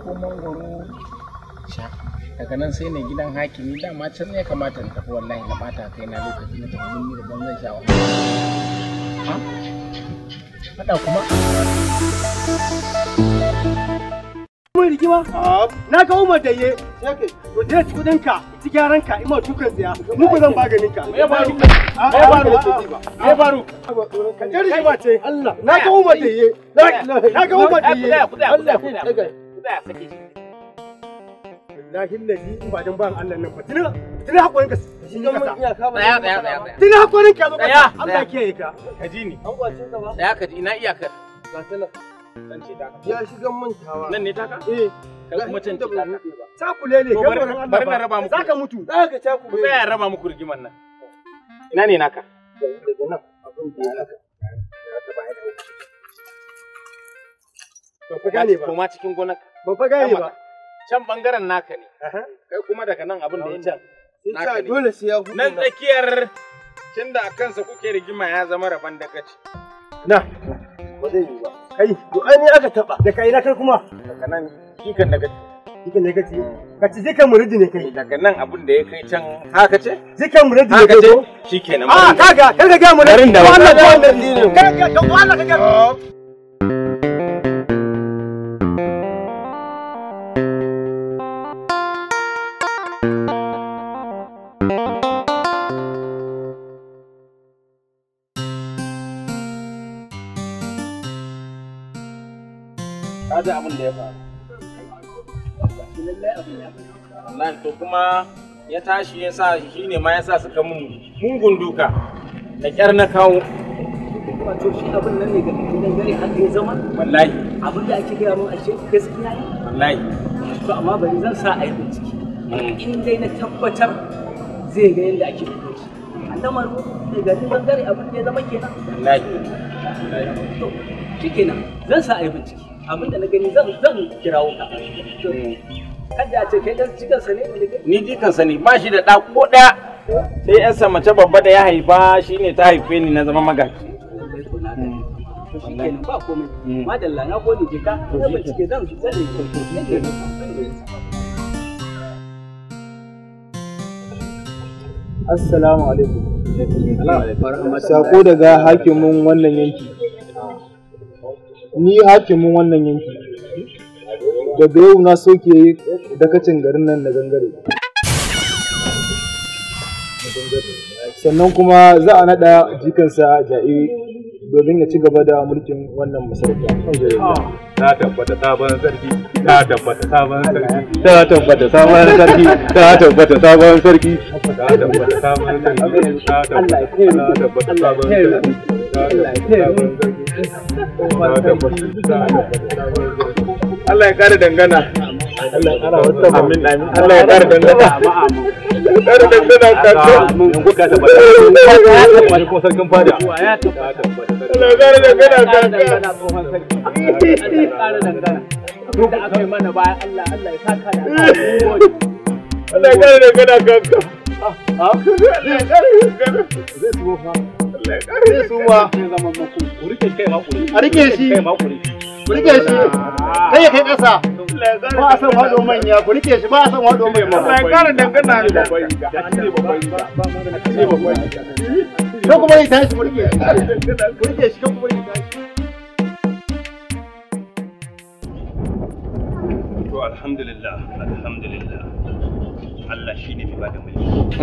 ko mangoro sha daga nan sai ne gidan hakimi dama can ne kamata ta tafi wallahi na bata kai na lokaci na tafi mun da ban zan sha wa fada kuma mun rigima na ga umar da ye to je ci kudin ka ci gyaran ka ima dukan tsaya mu ku zan maganin ka me faru ah, ah, me faru ah, me faru ka je ba ce Allah na ga umar da ye na ga umar da ye Allah za a sake shi lahin da ji ba ban Allah nan ba tuna tuna hakorin ka shi ne kasa tsaya tsaya tsaya tuna hakorin ka zo ka Allah kiyaye ka ka ji ni an kwace ka ba tsaya ka ji ina iyakar ba tana dan ce taka ya shigan mantawa nan ne taka eh ka kuma can ta takule ne gaban Allah bari na raba muku zaka mutu zaka takule tsaya raba muku rigiman nan ina ne naka nan abin da ya naka ya ta bayar da wuce to ka gane ba kuma cikin gonaka Ba fa gane ba. Can bangaren naka ne. Kai kuma daga nan abin da ya can. Naka ne. Dole sai ya hudu. Nan tsakiyar da a kansa kuke rigima ya zama rabon da kaci. Na. Ba zai yi ba. Kai, to ai aka taba. Da kai na kai kuma. Daga nan kikan daga Kikan daga ci. kaci zikan muridi ne kai. Daga nan abin da ya kai can haka ce? Zikan muridi ne kai. Shikenan. Ah, kaga, kaga ga muridi. Garin wannan dinin. Kaga, to Allah kaga. da ya faru nan to kuma ya tashi ya sa shi ne ma ya sa suka mun mungun duka da kyar na kawo wato shi abin nan ne ga gidan gari har ya zama wallahi abin da ake gaya mun ashe gaskiya ne wallahi to amma bari zan sa a yi bincike hmm. in dai na tabbatar zai ga yadda ake fito shi alamar daga gidan gari abin da ya zama kenan wallahi to shi kenan zan sa a yi bincike abinda na gani zan ne ni ne ba shi da ɗa ko ɗaya sai sa mace babba da ya haifa shine ta haife ni na zama magaji shi kenan ba komai madalla na gode Assalamu alaikum. Sako daga hakimin wannan yanki. ni hakimin wannan yanki da yau na soke dakacin garin nan na gangare sannan kuma za a naɗa jikansa ja'i domin ya ci gaba da mulkin wannan masarauta. ta tabbata sabon sarki, ta tabbata sabon sarki. Allah ya kare dangana Allah ya amin amin Allah ya kare dangana kare dangana Allah ya Allah ya kare dangana Allah ya kare dangana Allah Allah ya da Allah ya kare dangana Allah ya k Zai A alhamdulillah, alhamdulillah. Allah hmm.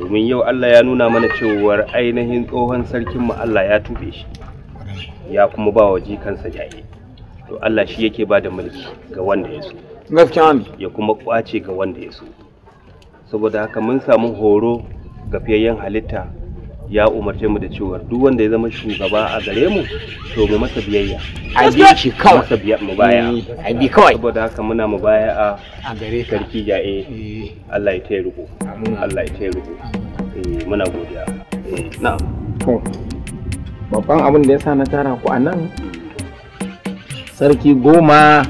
domin yau Allah ya nuna mana cewar ainihin tsohon sarkin mu Allah ya tube shi ya kuma ba wa jikansa jaye to Allah shi yake bada mulki ga wanda ya so gaskiya ne ya kuma kwace ga wanda ya so saboda haka mun samu horo ga fiyayyen halitta ya umarce mu da cewa duk wanda ya zama shugaba a gare mu to mu masa biyayya a bi shi kawai masa biya mu baya mm, a bi kawai saboda haka muna mu baya a gare sarki ja'e eh. Allah ya taya amin Allah ya tayi riko eh muna godiya eh, na'am to babban abin da yasa na tara ku a nan sarki goma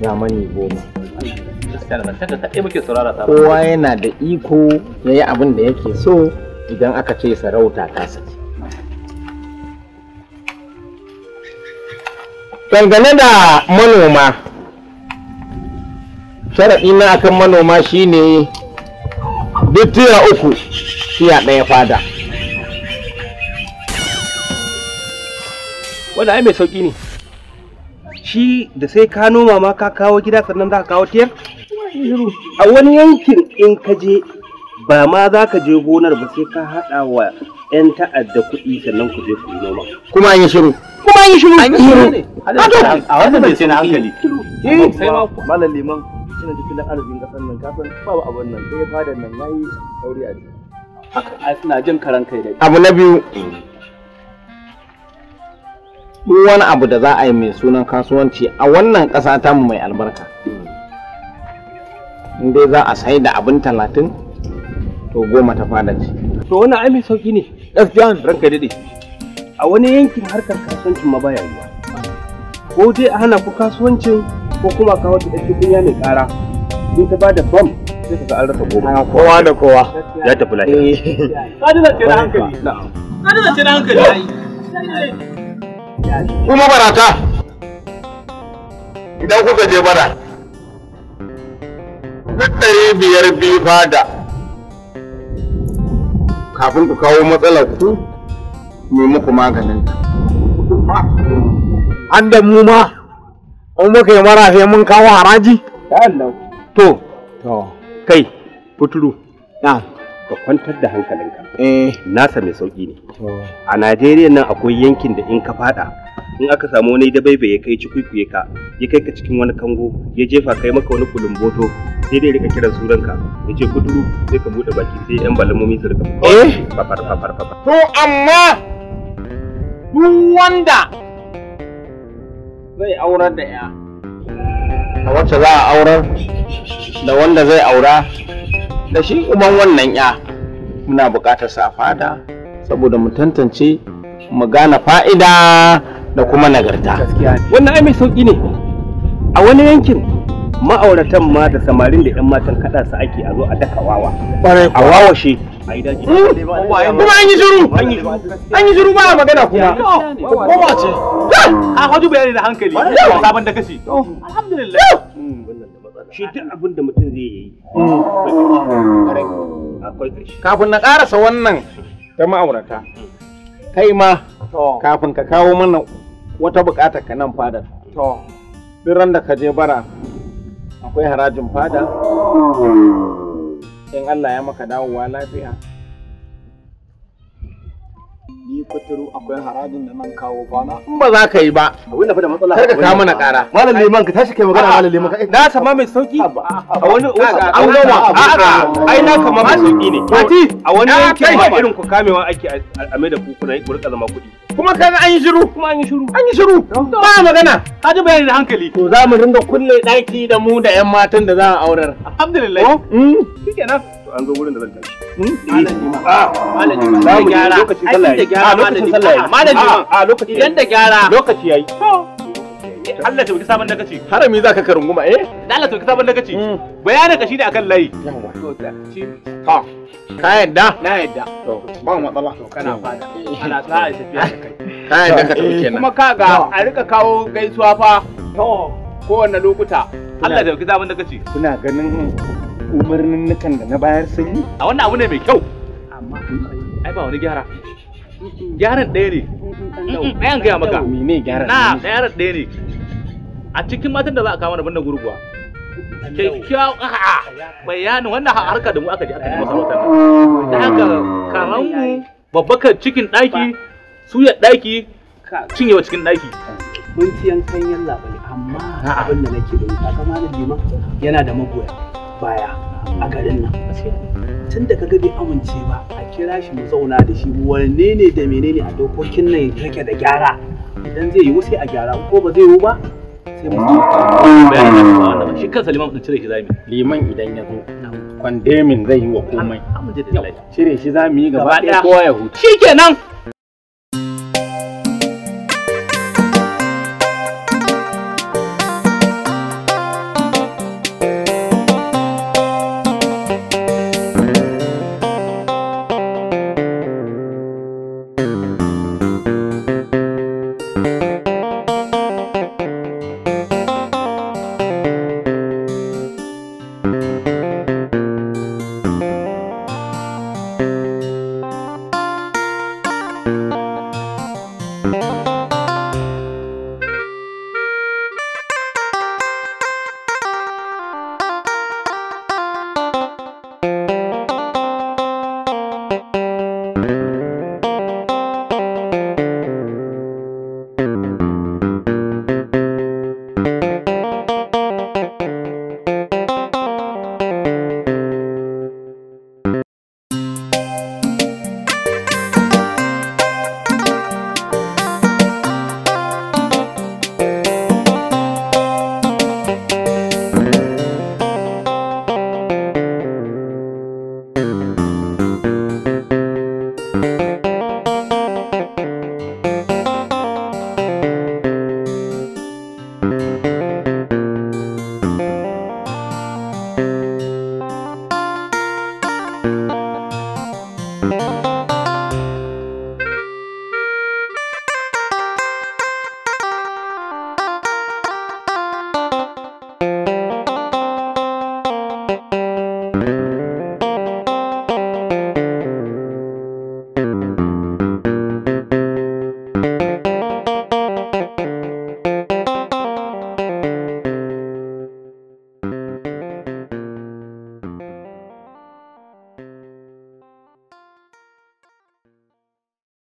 ya mani goma kowa yana da iko ya yi abin da yake so idan aka ce sarauta ta saki. Dangane da manoma, sharaɗi na akan manoma shine duk tiya uku tiya ɗaya fada. Wanda ai mai sauƙi ne, shi da sai ka noma ma ka kawo gida sannan za ka kawo tiyar? A wani yankin in ka je ba ma za ka je gonar ba sai ka haɗa wa 'yan ta'adda kuɗi sannan ku je ku yi noma. Kuma an yi shiru. Kuma an yi shiru. An yi shiru. A wannan bai sai na hankali. Eh. Sai ma ku. Malam liman shine jikin arzikin ƙasar nan kafin babu abin nan sai fadan nan yayi sauri a jiki. Haka suna jin karan kai da. Abu na biyu. Duk wani abu da za a yi mai sunan kasuwanci a wannan ƙasa tamu mai albarka. In dai za a sai da abin talatin to goma ta fada ce to wannan ai mai sauki ne gaskiya ranka dade a wani yankin harkar kasuwancin ma baya yiwa ko dai a hana ku kasuwancin ko kuma ka wata ɗan kunya mai ƙara in ta bada bam sai ka an rasa goma ah, kowa da kowa ya tafi lafiya eh. kadina ce na hankali kadina ce na hankali kuma barata idan kuka je bara na ɗari biyar biyu fada kafin ku kawo matsalar ku ne muku maganin ka. An da mu ma, an muka yi mara sai mun kawo haraji? To, to, kai, kuturu. Na. Ka kwantar da hankalinka. Eh. Nasa mai sauƙi ne. A Najeriya nan akwai yankin da in ka fada in aka samu wani da bai ya kai ci kuikuye ka ya kai ka cikin wani kango ya jefa kai maka wani kulumboto sai dai rika kiran suran ka ya ce kuduru sai ka bude baki sai yan balamomi su rika eh papar papar to amma duk wanda zai aurar da ya a wacce za a aurar da wanda zai aura da shi uban wannan ya muna buƙatar sa fada saboda mu tantance mu gane fa'ida da kuma nagarta wannan ai mai sauki ne a wani yankin ma'auratan ma da samarin da yan matan kaɗa su ake a zo a daka wawa a wawa shi. kuma an yi shiru an yi shiru ba a magana kuma koma ce a haju bayani da hankali sabon da kashi alhamdulillah hmm. shi duk abin da mutum zai yi hmm. kafin na karasa wannan ta ma'aurata kai ma kafin ka kawo mana wata bukatar ka nan fadar to duk ran da ka je bara akwai harajin fada in Allah ya maka dawowa lafiya ni kuturu akwai harajin da nan kawo bana in ba za ka yi ba abin da fa da matsala kar ka mana kara. malam liman ka tashi kai magana malam liman ka na sama mai sauki a wani an gama a'a ai na kama mai sauki ne a wani yankin ba irin ku kamewa ake a mai da ku kuna rika zama kuɗi kuma ga an yi shiru kuma an yi shiru an yi shiru ba magana ka ji bayani da hankali to za mu dinga kulle daki da mu da yan matan da za a aurar alhamdulillah shikenan to an zo wurin da zan tashi Malami ma, malami ma, malami ma, malami ma, malami ma, malami ma, malami ma, malami malami ma, da ma, malami Allah ta wuce sabon dagaci harami zaka ka runguma eh Allah ta wuce sabon dagaci hmm. bayanin ka shine akan layi ha ka yadda na yadda to ba matsala to kana hmm. fada ana tafiya da kai ka yadda ka tafi kenan kuma a rika kawo gaisuwa fa to kowanne lokuta Allah ta wuce sabon kuna ganin umarnin nukan da na bayar sun yi a wannan abu ne mai kyau amma ai ba wani gyara gyaran ɗaya ne ɗayan gaya maka na gyaran ɗaya ne a cikin matan da za a kawo da banda gurguwa kyakkyawan a'a bayanin wannan harka da mu aka ji aka ji masarautar nan ta haka karanmu babbakar cikin ɗaki suya ɗaki cinyewa cikin ɗaki mun ci yankan yalla labari amma abin da nake da wuta kamar jima yana da magoya baya a garin nan tun da kaga bai amince ba a kira shi mu zauna da shi wanne ne da menene a dokokin nan yake da gyara idan zai yiwu sai a gyara ko ba zai yiwu ba sai mu samu bayanin da shi kansa liman din cire shi zamu liman idan ya zo kwandemin zai yi wa komai cire shi zamu yi gaba ɗaya kowa ya huta shikenan